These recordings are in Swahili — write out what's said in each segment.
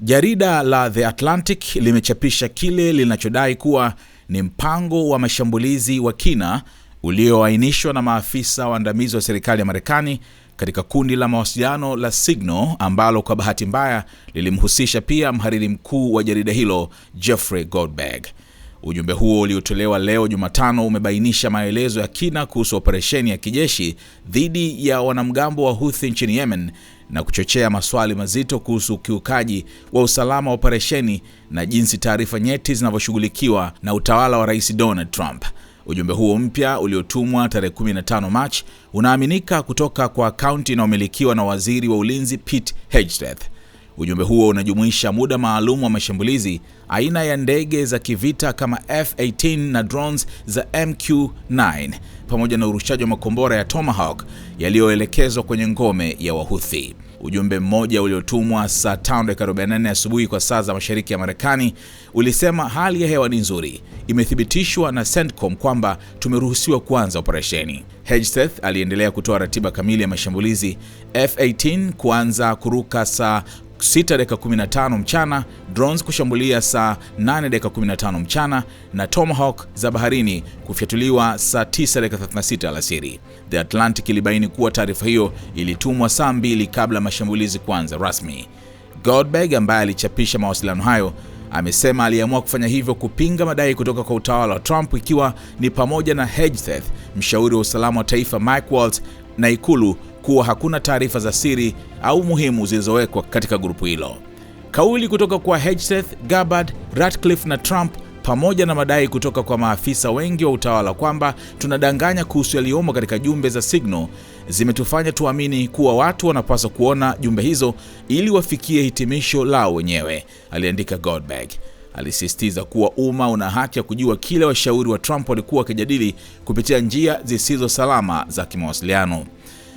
Jarida la The Atlantic limechapisha kile linachodai kuwa ni mpango wa mashambulizi wa kina ulioainishwa na maafisa waandamizi wa serikali ya Marekani katika kundi la mawasiliano la Signal ambalo kwa bahati mbaya lilimhusisha pia mhariri mkuu wa jarida hilo Jeffrey Goldberg. Ujumbe huo uliotolewa leo Jumatano umebainisha maelezo ya kina kuhusu operesheni ya kijeshi dhidi ya wanamgambo wa Houthi nchini Yemen na kuchochea maswali mazito kuhusu ukiukaji wa usalama wa operesheni na jinsi taarifa nyeti zinavyoshughulikiwa na utawala wa Rais Donald Trump. Ujumbe huo mpya uliotumwa tarehe 15 Machi unaaminika kutoka kwa akaunti inayomilikiwa na waziri wa ulinzi Pete Hegseth. Ujumbe huo unajumuisha muda maalum wa mashambulizi, aina ya ndege za kivita kama F-18 na drones za MQ-9 pamoja na urushaji wa makombora ya Tomahawk yaliyoelekezwa kwenye ngome ya Wahuthi. Ujumbe mmoja uliotumwa saa 5:44 asubuhi kwa saa za mashariki ya Marekani ulisema hali ya hewa ni nzuri, imethibitishwa na CENTCOM kwamba tumeruhusiwa kuanza operesheni. Hegseth aliendelea kutoa ratiba kamili ya mashambulizi, F-18 kuanza kuruka saa 6 dakika 15 mchana, drones kushambulia saa 8 dakika 15 mchana na Tomahawk za baharini kufyatuliwa saa 9 dakika 36 alasiri. The Atlantic ilibaini kuwa taarifa hiyo ilitumwa saa mbili kabla mashambulizi kuanza rasmi. Goldberg ambaye alichapisha mawasiliano hayo amesema aliamua kufanya hivyo kupinga madai kutoka kwa utawala wa Trump ikiwa ni pamoja na Hegseth, mshauri wa usalama wa taifa Mike Waltz na Ikulu kuwa hakuna taarifa za siri au muhimu zilizowekwa katika grupu hilo. Kauli kutoka kwa Hegseth, Gabbard, Ratcliffe na Trump pamoja na madai kutoka kwa maafisa wengi wa utawala kwamba tunadanganya kuhusu yaliyomo katika jumbe za Signal zimetufanya tuamini kuwa watu wanapaswa kuona jumbe hizo ili wafikie hitimisho lao wenyewe, aliandika Goldberg alisisitiza kuwa umma una haki ya kujua kile washauri wa Trump walikuwa wakijadili kupitia njia zisizo salama za kimawasiliano.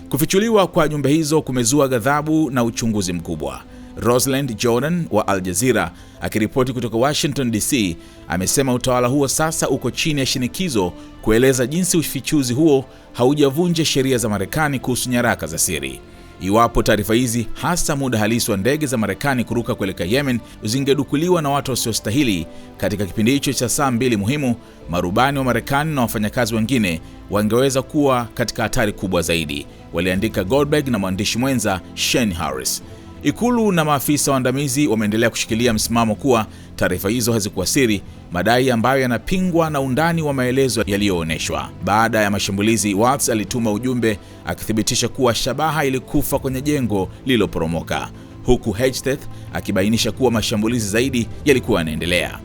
Kufichuliwa kwa jumbe hizo kumezua ghadhabu na uchunguzi mkubwa. Rosalind Jordan wa Al Jazeera akiripoti kutoka Washington DC amesema utawala huo sasa uko chini ya shinikizo kueleza jinsi ufichuzi huo haujavunja sheria za Marekani kuhusu nyaraka za siri. Iwapo taarifa hizi, hasa muda halisi wa ndege za Marekani kuruka kuelekea Yemen, zingedukuliwa na watu wasiostahili katika kipindi hicho cha saa mbili muhimu, marubani wa Marekani na wafanyakazi wengine wangeweza kuwa katika hatari kubwa zaidi, waliandika Goldberg na mwandishi mwenza Shane Harris. Ikulu na maafisa waandamizi wameendelea kushikilia msimamo kuwa Taarifa hizo hazikuwa siri, madai ambayo yanapingwa na undani wa maelezo yaliyoonyeshwa. Baada ya mashambulizi, Watts alituma ujumbe akithibitisha kuwa shabaha ilikufa kwenye jengo lililoporomoka, huku Hegseth akibainisha kuwa mashambulizi zaidi yalikuwa yanaendelea.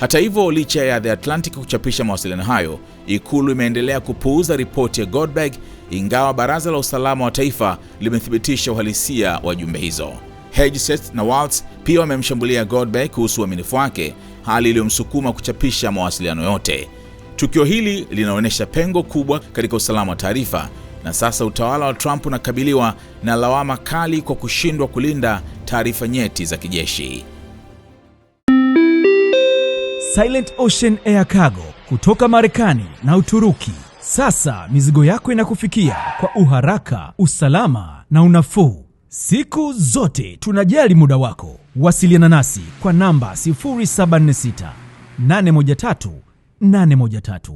Hata hivyo, licha ya The Atlantic kuchapisha mawasiliano hayo, ikulu imeendelea kupuuza ripoti ya Goldberg, ingawa Baraza la Usalama wa Taifa limethibitisha uhalisia wa jumbe hizo. Hegseth na Waltz pia wamemshambulia Godbe kuhusu uaminifu wa wake, hali iliyomsukuma kuchapisha mawasiliano yote. Tukio hili linaonyesha pengo kubwa katika usalama wa taarifa, na sasa utawala wa Trump unakabiliwa na lawama kali kwa kushindwa kulinda taarifa nyeti za kijeshi. Silent Ocean Air Cargo kutoka Marekani na Uturuki. Sasa mizigo yako inakufikia kwa uharaka, usalama na unafuu. Siku zote tunajali muda wako. Wasiliana nasi kwa namba 0746 813 813.